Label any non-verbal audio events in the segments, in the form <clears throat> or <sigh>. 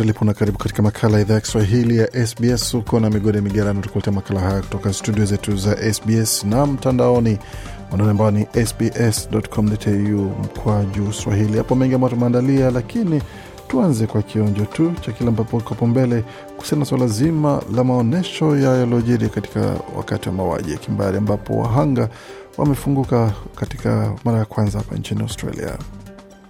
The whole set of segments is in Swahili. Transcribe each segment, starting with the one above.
popote ulipo na karibu katika makala ya idhaa ya Kiswahili ya SBS. Uko na ya migerano, tukuletea makala haya kutoka studio zetu za SBS na mtandaoni wanaone ambao ni sbs.com.au mkwa juu swahili. Hapo mengi ambayo tumeandalia, lakini tuanze kwa kionjo tu cha kile ambapo kapo mbele kuhusiana na suala zima la maonyesho ya yaliyojiri katika wakati wa mauaji ya kimbari ambapo wahanga wamefunguka katika mara ya kwanza hapa nchini Australia.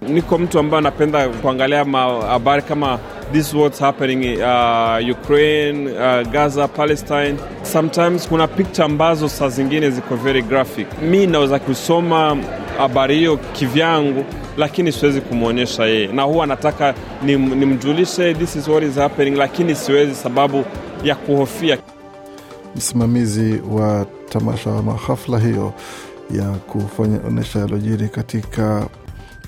Niko mtu ambaye anapenda kuangalia habari kama this what's happening uh, Ukraine, uh, Gaza, Palestine. Sometimes kuna picture ambazo saa zingine ziko very graphic. Mi naweza kusoma habari hiyo kivyangu, lakini siwezi kumwonyesha yeye, na huwa nataka nimjulishe ni this is what is happening, lakini siwezi sababu ya kuhofia. Msimamizi wa tamasha ama hafla hiyo ya kufanya onyesha yalojiri katika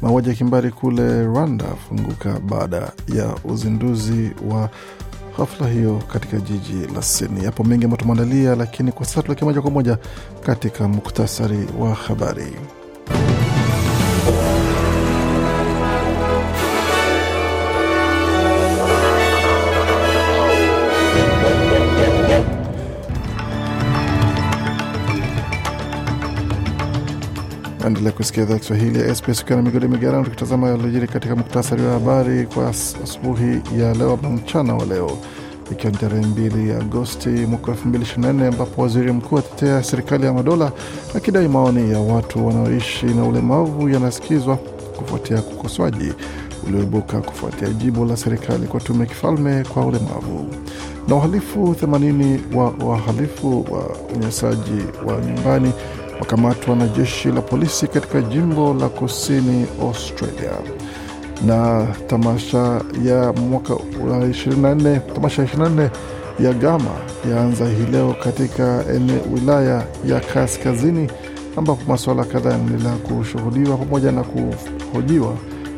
Mauaji ya kimbari kule Rwanda funguka baada ya uzinduzi wa hafla hiyo katika jiji la sini Yapo mengi ambayo tumeandalia, lakini kwa sasa tuelekea moja kwa moja katika muktasari wa habari. Endelea kusikia idhaa Kiswahili ya SBS ukiwa na migodi migerano, tukitazama yaliyojiri katika muktasari wa habari kwa asubuhi ya leo ama mchana wa leo, ikiwa ni tarehe 2 Agosti mwaka 2024 ambapo waziri mkuu atetea serikali ya madola akidai maoni ya watu wanaoishi na ulemavu yanasikizwa kufuatia ukosoaji ulioibuka kufuatia jibu la serikali kwa tume kifalme kwa ulemavu. Na uhalifu 80 wa wahalifu wa unyanyasaji wa nyumbani wa wakamatwa na jeshi la polisi katika jimbo la kusini Australia. Na tamasha ya mwaka 24, tamasha 24 ya Gama yaanza hii leo katika eneo wilaya ya Kaskazini, ambapo masuala kadhaa yanaendelea kushuhudiwa pamoja na kuhojiwa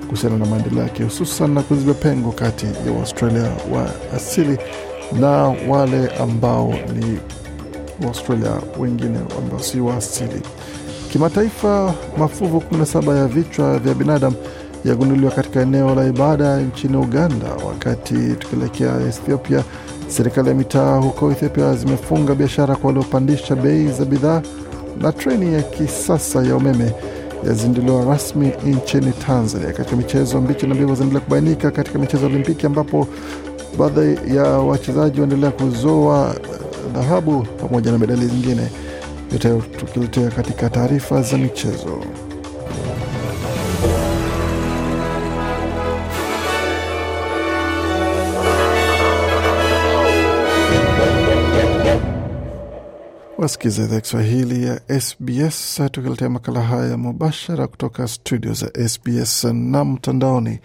kuhusiana na maendeleo yake, hususan na kuziba pengo kati ya Waustralia wa asili na wale ambao ni Waaustralia wengine ambao si wa asili. Kimataifa, mafuvu 17 ya vichwa vya binadamu yagunduliwa katika eneo la ibada nchini Uganda. Wakati tukielekea Ethiopia, serikali ya mitaa huko Ethiopia zimefunga biashara kwa waliopandisha bei za bidhaa, na treni ya kisasa ya umeme yazinduliwa rasmi nchini Tanzania. Katika michezo, mbichi na mbivu zinaendelea kubainika katika michezo ya Olimpiki ambapo baadhi ya wachezaji waendelea kuzoa dhahabu pamoja na medali zingine, yote tukiletea katika taarifa za michezo. Wasikiza idhaa Kiswahili ya SBS tukiletea makala haya mubashara kutoka studio za SBS na mtandaoni,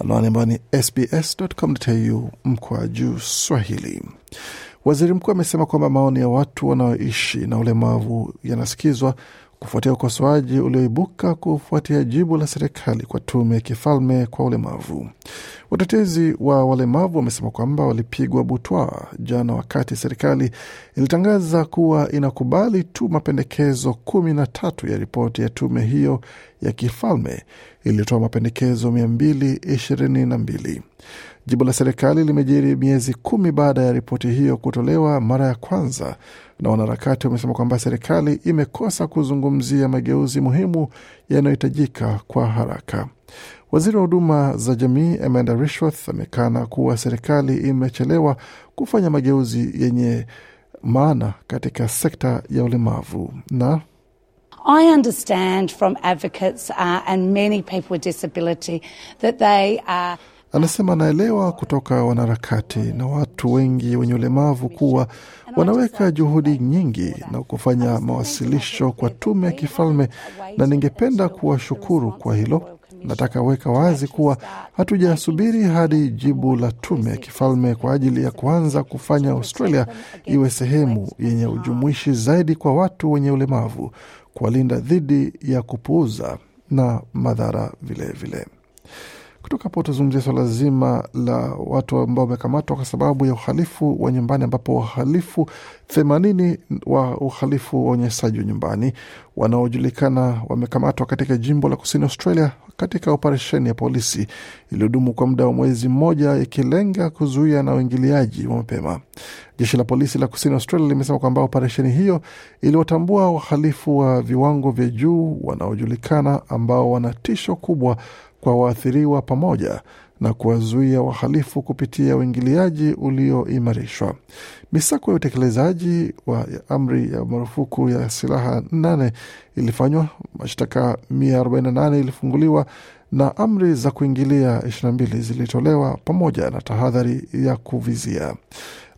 anwani ambayo ni sbs.com.au mkwa juu swahili. Waziri mkuu amesema kwamba maoni ya watu wanaoishi na ulemavu yanasikizwa kufuatia ukosoaji ulioibuka kufuatia jibu la serikali kwa tume ya kifalme kwa ulemavu. Watetezi wa walemavu wamesema kwamba walipigwa butwa jana wakati serikali ilitangaza kuwa inakubali tu mapendekezo kumi na tatu ya ripoti ya tume hiyo ya kifalme iliyotoa mapendekezo mia mbili ishirini na mbili. Jibu la serikali limejiri miezi kumi baada ya ripoti hiyo kutolewa mara ya kwanza, na wanaharakati wamesema kwamba serikali imekosa kuzungumzia mageuzi muhimu yanayohitajika kwa haraka. Waziri wa huduma za jamii Amanda Rishworth amekana kuwa serikali imechelewa kufanya mageuzi yenye maana katika sekta ya ulemavu na I understand from advocates uh, and many people with disability that they are Anasema anaelewa kutoka wanaharakati na watu wengi wenye ulemavu kuwa wanaweka juhudi nyingi na kufanya mawasilisho kwa tume ya kifalme, na ningependa kuwashukuru kwa hilo. Nataka weka wazi kuwa hatujasubiri hadi jibu la tume ya kifalme kwa ajili ya kuanza kufanya Australia iwe sehemu yenye ujumuishi zaidi kwa watu wenye ulemavu, kuwalinda dhidi ya kupuuza na madhara vilevile vile. Kutoka hapo tuzungumzia swala zima la watu ambao wamekamatwa kwa sababu ya uhalifu wa nyumbani, ambapo wahalifu themanini wa uhalifu wa unyenyesaji wa nyumbani wanaojulikana wamekamatwa katika jimbo la kusini Australia katika operesheni ya polisi iliyodumu kwa muda wa mwezi mmoja ikilenga kuzuia na uingiliaji wa mapema. Jeshi la polisi la kusini Australia limesema kwamba operesheni hiyo iliwatambua wahalifu wa viwango vya juu wanaojulikana ambao wana tisho kubwa kwa waathiriwa pamoja na kuwazuia wahalifu kupitia uingiliaji ulioimarishwa. Misako ya utekelezaji wa amri ya marufuku ya silaha nane ilifanywa, mashtaka 148 ilifunguliwa na amri za kuingilia 22 zilitolewa pamoja na tahadhari ya kuvizia.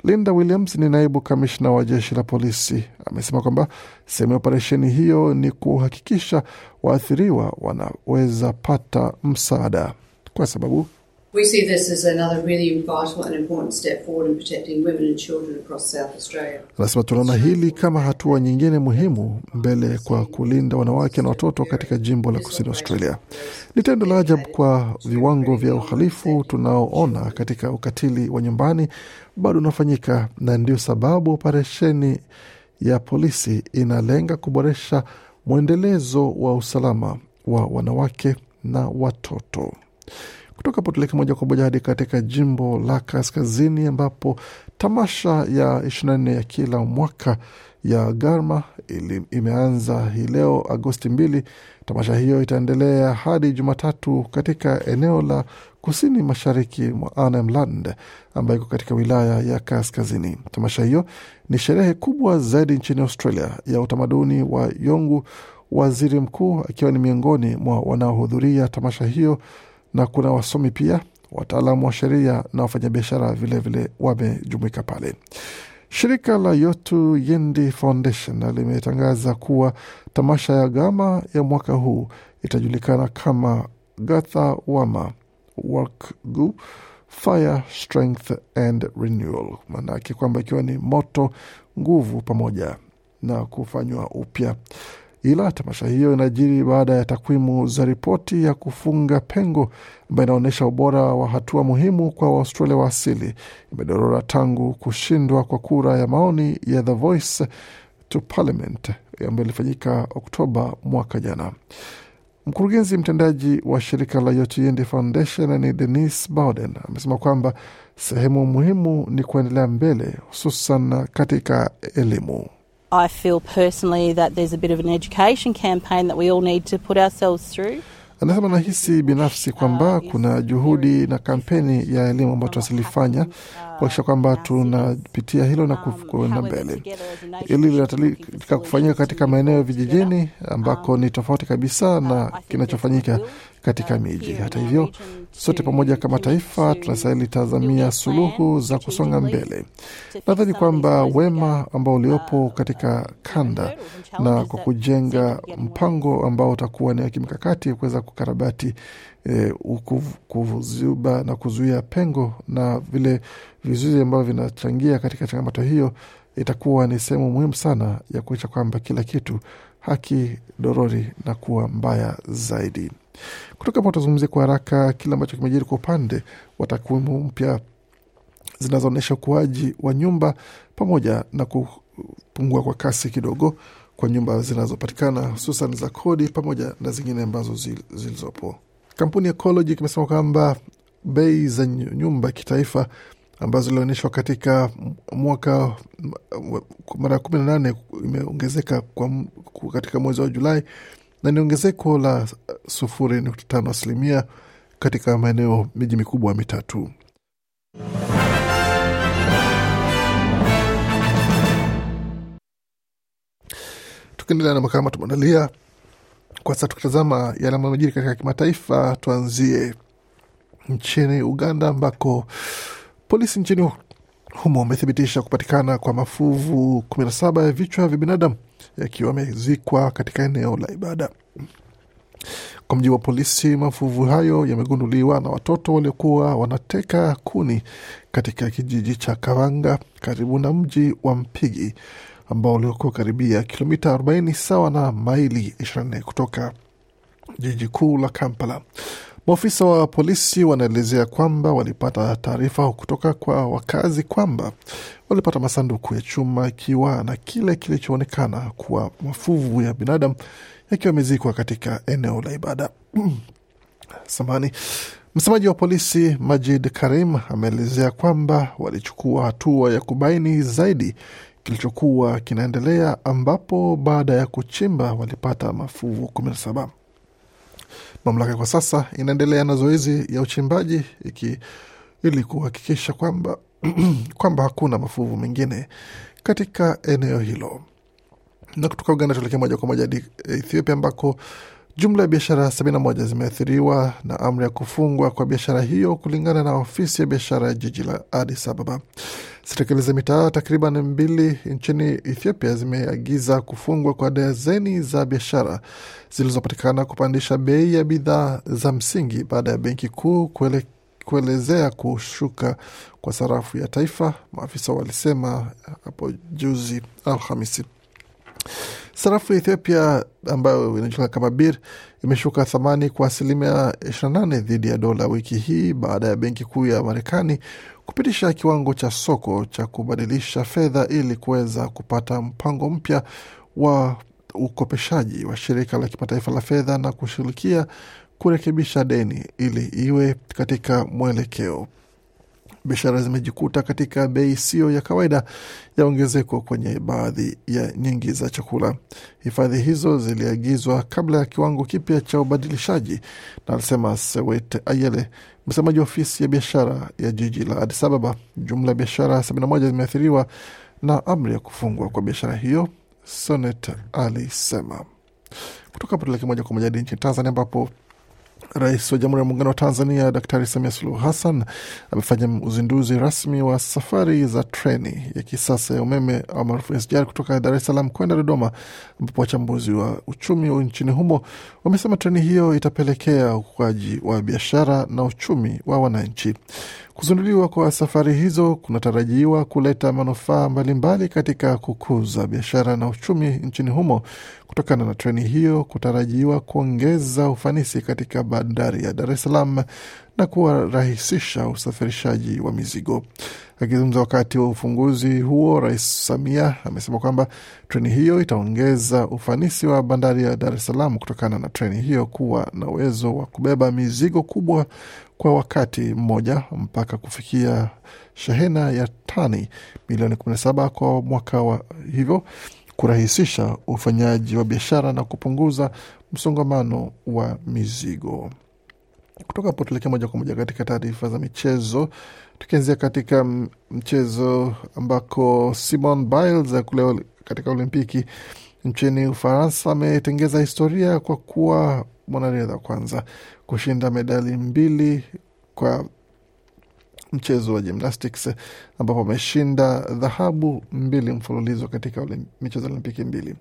Linda Williams ni naibu kamishna wa jeshi la polisi, amesema kwamba sehemu ya operesheni hiyo ni kuhakikisha waathiriwa wanaweza pata msaada kwa sababu We see this as another really vital and important step forward in protecting women and children across South Australia. Anasema tunaona hili kama hatua nyingine muhimu mbele kwa kulinda wanawake na watoto katika jimbo la Kusini Australia. Ni tendo la ajabu kwa viwango vya uhalifu tunaoona katika ukatili wa nyumbani bado unafanyika, na ndio sababu operesheni ya polisi inalenga kuboresha mwendelezo wa usalama wa wanawake na watoto kutoka Potuliki moja kwa moja hadi katika jimbo la kaskazini ambapo tamasha ya 24 ya kila mwaka ya Garma ili, imeanza hii leo Agosti mbili. Tamasha hiyo itaendelea hadi Jumatatu katika eneo la kusini mashariki mwa Arnhemland ambayo iko katika wilaya ya kaskazini. Tamasha hiyo ni sherehe kubwa zaidi nchini Australia ya utamaduni wa yongu waziri mkuu akiwa ni miongoni mwa wanaohudhuria tamasha hiyo na kuna wasomi pia, wataalamu wa sheria na wafanyabiashara vilevile wamejumuika pale. Shirika la Yotu Yindi Foundation limetangaza kuwa tamasha ya Gama ya mwaka huu itajulikana kama Gatha Wama Work Gu Fire Strength and Renewal, maanake kwamba ikiwa ni moto, nguvu pamoja na kufanywa upya ila tamasha hiyo inajiri baada ya takwimu za ripoti ya kufunga pengo ambayo inaonyesha ubora wa hatua muhimu kwa Waustralia wa asili imedorora tangu kushindwa kwa kura ya maoni ya The Voice to Parliament ambayo ilifanyika Oktoba mwaka jana. Mkurugenzi mtendaji wa shirika la Yotiende Foundation ni Denis Bowden amesema kwamba sehemu muhimu ni kuendelea mbele, hususan katika elimu. I feel personally that there's a bit of an education campaign that we all need to put ourselves through. Anasema anahisi binafsi kwamba ah, kuna juhudi na kampeni ya elimu ambayo tunasilifanya kuakisha kwamba tunapitia hilo na kuenda um, mbele. Hili linatalika kufanyika katika maeneo ya vijijini um, ambako ni tofauti kabisa na kinachofanyika katika miji. Hata hivyo, sote pamoja kama taifa tunastahili tazamia suluhu za kusonga mbele. Nadhani kwamba wema ambao uliopo uh, katika kanda na kwa kujenga mpango ambao utakuwa ni wa kimkakati kuweza kukarabati E, eh, kuzuba na kuzuia pengo na vile vizuizi ambavyo vinachangia katika changamoto hiyo, itakuwa ni sehemu muhimu sana ya kuisha kwamba kila kitu haki dorori na kuwa mbaya zaidi. Kutoka hapo tuzungumzia kwa haraka kile ambacho kimejiri kwa upande wa takwimu mpya zinazoonyesha ukuaji wa nyumba pamoja na kupungua kwa kasi kidogo kwa nyumba zinazopatikana hususan za kodi pamoja na zingine ambazo zilizopo. Kampuni ya Ecology kimesema kwamba bei za nyumba kitaifa ambazo zilionyeshwa katika mwaka mara kumi na nane imeongezeka katika mwezi wa Julai na ni ongezeko la sufuri nukta tano asilimia katika maeneo miji mikubwa mitatu. Tukiendelea na makala tumeandalia kwa sasa, tukitazama yale ambayo amejiri katika kimataifa, tuanzie nchini Uganda ambako Polisi nchini humo wamethibitisha kupatikana kwa mafuvu 17 ya vichwa vya binadamu yakiwa yamezikwa katika eneo la ibada. Kwa mjibu wa polisi, mafuvu hayo yamegunduliwa na watoto waliokuwa wanateka kuni katika kijiji cha Kavanga karibu na mji wa Mpigi ambao uliokuwa karibia kilomita 40 sawa na maili 24 kutoka jiji kuu la Kampala. Maofisa wa polisi wanaelezea kwamba walipata taarifa kutoka kwa wakazi kwamba walipata masanduku ya chuma ikiwa na kile kilichoonekana kuwa mafuvu ya binadamu yakiwa yamezikwa katika eneo la ibada. <clears throat> Samani. Msemaji wa polisi Majid Karim ameelezea kwamba walichukua hatua ya kubaini zaidi kilichokuwa kinaendelea ambapo baada ya kuchimba walipata mafuvu saba. Mamlaka kwa sasa inaendelea na zoezi ya uchimbaji iki, ili kuhakikisha kwamba <clears throat> kwamba hakuna mafuvu mengine katika eneo hilo. Na kutoka Uganda tuelekea moja kwa moja hadi Ethiopia ambako Jumla ya biashara 71 zimeathiriwa na amri ya kufungwa kwa biashara hiyo, kulingana na ofisi ya biashara ya jiji la Addis Ababa. Serikali za mitaa takriban mbili nchini Ethiopia zimeagiza kufungwa kwa dazeni za biashara zilizopatikana kupandisha bei ya bidhaa za msingi baada ya benki kuu kuele, kuelezea kushuka kwa sarafu ya taifa, maafisa walisema hapo juzi Alhamisi. Sarafu ya Ethiopia ambayo inajulikana kama BIR imeshuka thamani kwa asilimia 28 dhidi ya dola wiki hii baada ya benki kuu ya Marekani kupitisha kiwango cha soko cha kubadilisha fedha ili kuweza kupata mpango mpya wa ukopeshaji wa shirika la kimataifa la fedha na kushughulikia kurekebisha deni ili iwe katika mwelekeo biashara zimejikuta katika bei isiyo ya kawaida ya ongezeko kwenye baadhi ya nyingi za chakula. Hifadhi hizo ziliagizwa kabla ya kiwango kipya cha ubadilishaji, na alisema Sewet Ayele, msemaji wa ofisi ya biashara ya jiji la Addis Ababa. Jumla ya biashara 71 zimeathiriwa na amri ya kufungwa kwa biashara hiyo, Sonet alisema. Kutoka hapo moja kwa moja hadi nchini Tanzania ambapo Rais wa Jamhuri ya Muungano wa Tanzania Daktari Samia Suluhu Hassan amefanya uzinduzi rasmi wa safari za treni ya kisasa ya umeme maarufu SGR kutoka Dar es Salaam kwenda Dodoma, ambapo wachambuzi wa uchumi nchini humo wamesema treni hiyo itapelekea ukuaji wa biashara na uchumi wa wananchi. Kuzinduliwa kwa safari hizo kunatarajiwa kuleta manufaa mbalimbali katika kukuza biashara na uchumi nchini humo. Kutokana na treni hiyo, kutarajiwa kuongeza ufanisi katika bandari ya Dar es Salaam na kuwarahisisha usafirishaji wa mizigo. Akizungumza wakati wa ufunguzi huo, Rais Samia amesema kwamba treni hiyo itaongeza ufanisi wa bandari ya Dar es Salaam kutokana na treni hiyo kuwa na uwezo wa kubeba mizigo kubwa kwa wakati mmoja mpaka kufikia shehena ya tani milioni 17 kwa mwaka wa hivyo kurahisisha ufanyaji wa biashara na kupunguza msongamano wa mizigo. Kutoka hapo tuelekee moja kwa moja katika taarifa za michezo, tukianzia katika mm, mchezo ambako Simon Biles kule katika Olimpiki nchini Ufaransa ametengeza historia kwa kuwa mwanariadha wa kwanza kushinda medali mbili kwa mchezo wa gymnastics ambapo ameshinda dhahabu mbili mfululizo katika michezo ya Olimpiki mbili.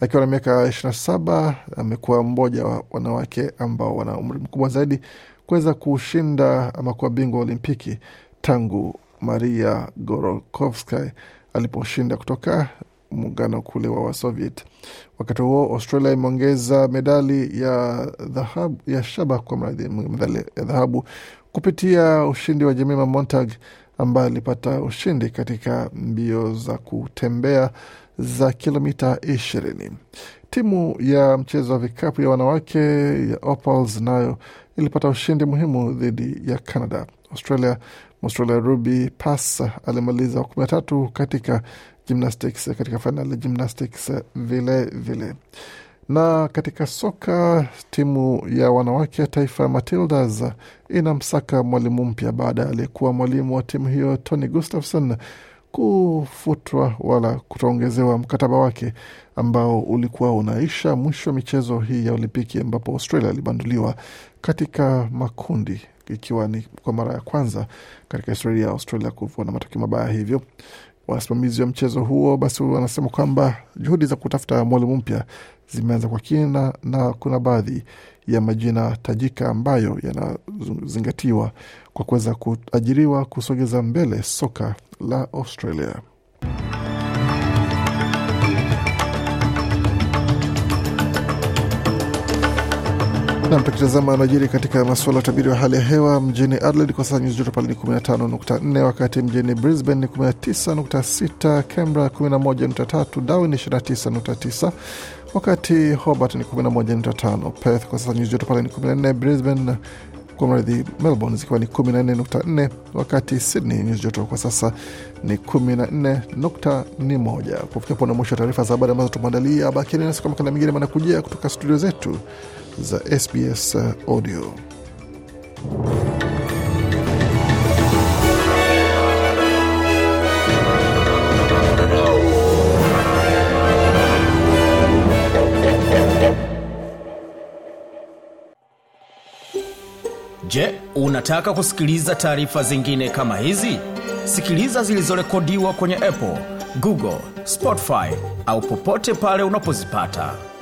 Akiwa na miaka saba amekuwa mmoja wa wanawake ambao wana umri mkubwa zaidi kuweza kushinda ama kuwa bingwa wa Olimpiki tangu Maria Gorokovska aliposhinda kutoka muungano kule wa Wasoviet. Wakati huo Australia imeongeza medali ya dhahabu ya shaba kwa mradhi medali ya dhahabu kupitia ushindi wa Jemima Montag ambaye alipata ushindi katika mbio za kutembea za kilomita ishirini. Timu ya mchezo wa vikapu ya wanawake ya Opals nayo ilipata ushindi muhimu dhidi ya Canada. Australia Australia Ruby Pass alimaliza wa kumi na tatu katika gymnastics, katika fainali ya gymnastics vilevile vile. Na katika soka timu ya wanawake ya taifa Matildas inamsaka mwalimu mpya baada ya aliyekuwa mwalimu wa timu hiyo Tony Gustafson kufutwa wala kutoongezewa mkataba wake ambao ulikuwa unaisha mwisho wa michezo hii ya Olimpiki ambapo Australia ilibanduliwa katika makundi ikiwa ni kwa mara ya kwanza katika historia ya Australia kuvua na matokeo mabaya hivyo wasimamizi wa mchezo huo basi wanasema kwamba juhudi za kutafuta mwalimu mpya zimeanza kwa kina na kuna baadhi ya majina tajika ambayo yanazingatiwa kwa kuweza kuajiriwa kusogeza mbele soka la Australia. na tukitazama anajiri katika masuala ya utabiri wa hali ya hewa mjini Adelaide kwa sasa nyuzi joto pale ni 15.4, wakati mjini Brisbane ni 19.6, Canberra 11.3, Darwin ni 29.9, wakati Hobart ni 11.5, Perth kwa sasa nyuzi joto pale ni 14, Brisbane kwa mradhi Melbourne zikiwa ni 14.4, wakati Sydney nyuzi joto kwa sasa ni 14.1. Kufikia pona mwisho wa taarifa za habari ambazo tumeandalia, bakieni nasi kwa makala mengine manakujia kutoka studio zetu za SBS eh, Audio. Je, unataka kusikiliza taarifa zingine kama hizi? Sikiliza zilizorekodiwa kwenye Apple, Google, Spotify au popote pale unapozipata.